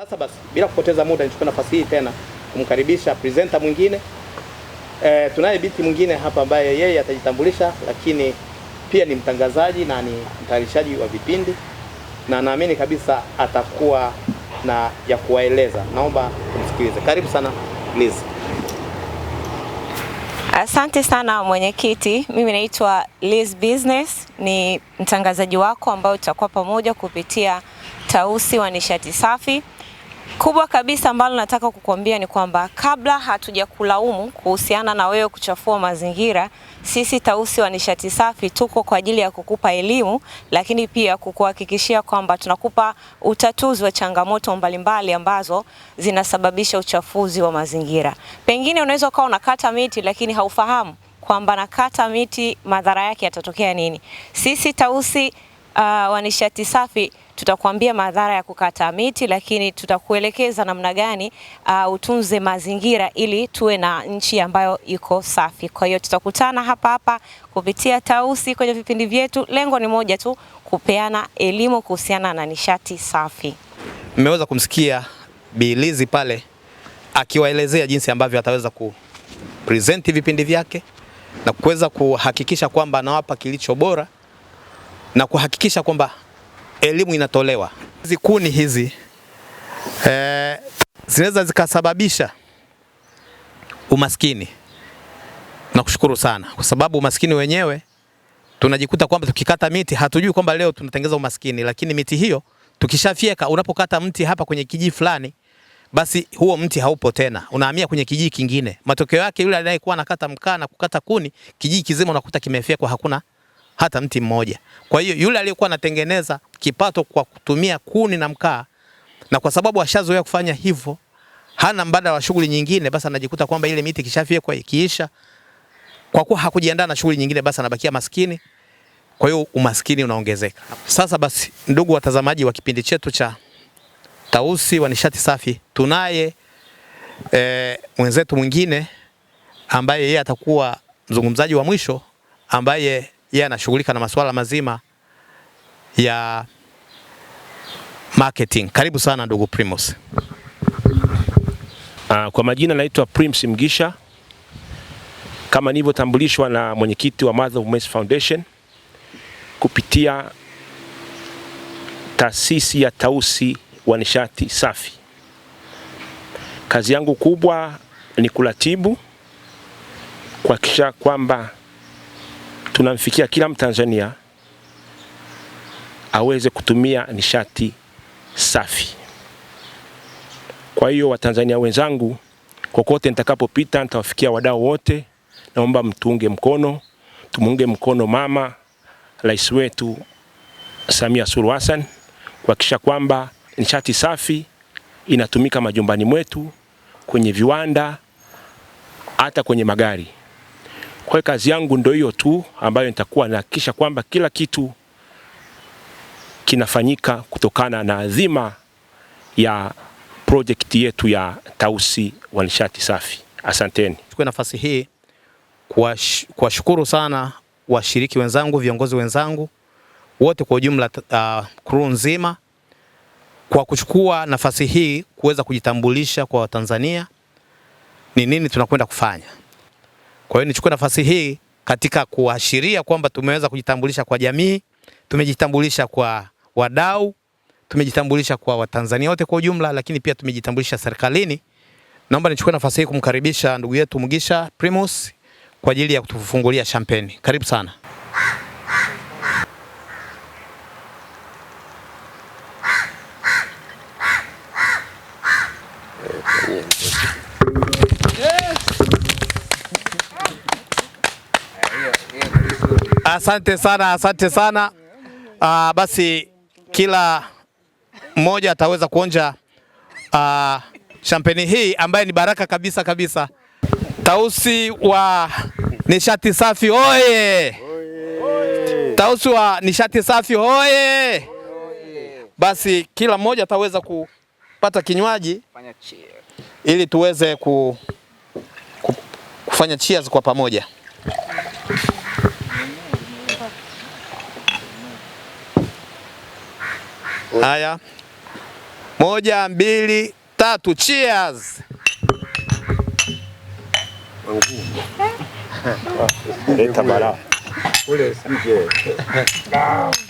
Sasa basi bila kupoteza muda nichukue nafasi hii tena kumkaribisha presenter mwingine. E, tunaye binti mwingine hapa ambaye yeye atajitambulisha, lakini pia ni mtangazaji na ni mtayarishaji wa vipindi na naamini kabisa atakuwa na ya kuwaeleza. Naomba tumsikilize. Karibu sana Liz. Asante sana mwenyekiti. Mimi naitwa Liz Business, ni mtangazaji wako ambao tutakuwa pamoja kupitia Tausi wa Nishati Safi. Kubwa kabisa ambalo nataka kukuambia ni kwamba kabla hatujakulaumu kuhusiana na wewe kuchafua mazingira, sisi Tausi wa Nishati Safi tuko kwa ajili ya kukupa elimu, lakini pia kukuhakikishia kwamba tunakupa utatuzi wa changamoto mbalimbali ambazo zinasababisha uchafuzi wa mazingira. Pengine unaweza ukawa unakata miti lakini haufahamu kwamba nakata miti madhara yake yatatokea nini. Sisi Tausi uh, wa Nishati Safi tutakwambia madhara ya kukata miti, lakini tutakuelekeza namna gani uh, utunze mazingira ili tuwe na nchi ambayo iko safi. Kwa hiyo tutakutana hapa hapa kupitia Tausi kwenye vipindi vyetu. Lengo ni moja tu, kupeana elimu kuhusiana na nishati safi. Mmeweza kumsikia bilizi pale akiwaelezea jinsi ambavyo ataweza ku present vipindi vyake na kuweza kuhakikisha kwamba anawapa kilicho bora na kuhakikisha kwamba elimu inatolewa. Hizi kuni hizi eh, zinaweza zikasababisha umaskini. Nakushukuru sana kwa sababu umaskini wenyewe tunajikuta kwamba tukikata miti hatujui kwamba leo tunatengeza umaskini, lakini miti hiyo tukishafyeka, unapokata mti hapa kwenye kijiji fulani, basi huo mti haupo tena, unahamia kwenye kijiji kingine. Matokeo yake yule anayekuwa anakata mkaa na kukata kuni, kijiji kizima unakuta kimefyekwa, hakuna hata mti mmoja. Kwa hiyo yule aliyekuwa anatengeneza kipato kwa kutumia kuni na mkaa, na kwa sababu ashazoea kufanya hivyo, hana mbadala wa shughuli nyingine, basi anajikuta kwamba ile miti kwa ikiisha, kwa kuwa hakujiandaa na shughuli nyingine, basi anabakia maskini. Kwa hiyo umaskini unaongezeka. Sasa basi, ndugu watazamaji wa kipindi chetu cha Tausi wa Nishati Safi, tunaye e, mwenzetu mwingine ambaye yeye atakuwa mzungumzaji wa mwisho ambaye yeye anashughulika na masuala mazima ya marketing. Karibu sana ndugu Primus. Ah, kwa majina naitwa Primus Mgisha, kama nilivyotambulishwa na mwenyekiti wa Mother of Mercy Foundation kupitia taasisi ya Tausi wa Nishati Safi. Kazi yangu kubwa ni kuratibu kuhakikisha kwamba tunamfikia kila Mtanzania aweze kutumia nishati safi. Kwa hiyo Watanzania wenzangu, kokote nitakapopita nitawafikia wadau wote, naomba mtuunge mkono, tumuunge mkono mama rais wetu Samia Suluhu Hassan kuhakikisha kwamba nishati safi inatumika majumbani mwetu, kwenye viwanda, hata kwenye magari. Kwa hiyo kazi yangu ndio hiyo tu ambayo nitakuwa nahakikisha kwamba kila kitu kinafanyika kutokana na adhima ya projekti yetu ya Tausi wa nishati safi. Asanteni. Chukua nafasi hii kuwashukuru sana washiriki wenzangu, viongozi wenzangu wote kwa ujumla, uh, crew nzima kwa kuchukua nafasi hii kuweza kujitambulisha kwa Watanzania ni nini tunakwenda kufanya. Kwa hiyo nichukue nafasi hii katika kuashiria kwamba tumeweza kujitambulisha kwa jamii, tumejitambulisha kwa wadau, tumejitambulisha kwa Watanzania wote kwa ujumla, lakini pia tumejitambulisha serikalini. Naomba nichukue nafasi hii kumkaribisha ndugu yetu Mugisha Primus kwa ajili ya kutufungulia champagne. Karibu sana. Asante sana, asante sana. Aa, ah, basi kila mmoja ataweza kuonja uh, champagne hii ambaye ni baraka kabisa kabisa. Tausi wa nishati safi oye! Tausi wa nishati safi oye! Basi kila mmoja ataweza kupata kinywaji ili tuweze ku, ku, kufanya cheers kwa pamoja. Haya, moja, mbili, tatu, cheers. Leta baraka.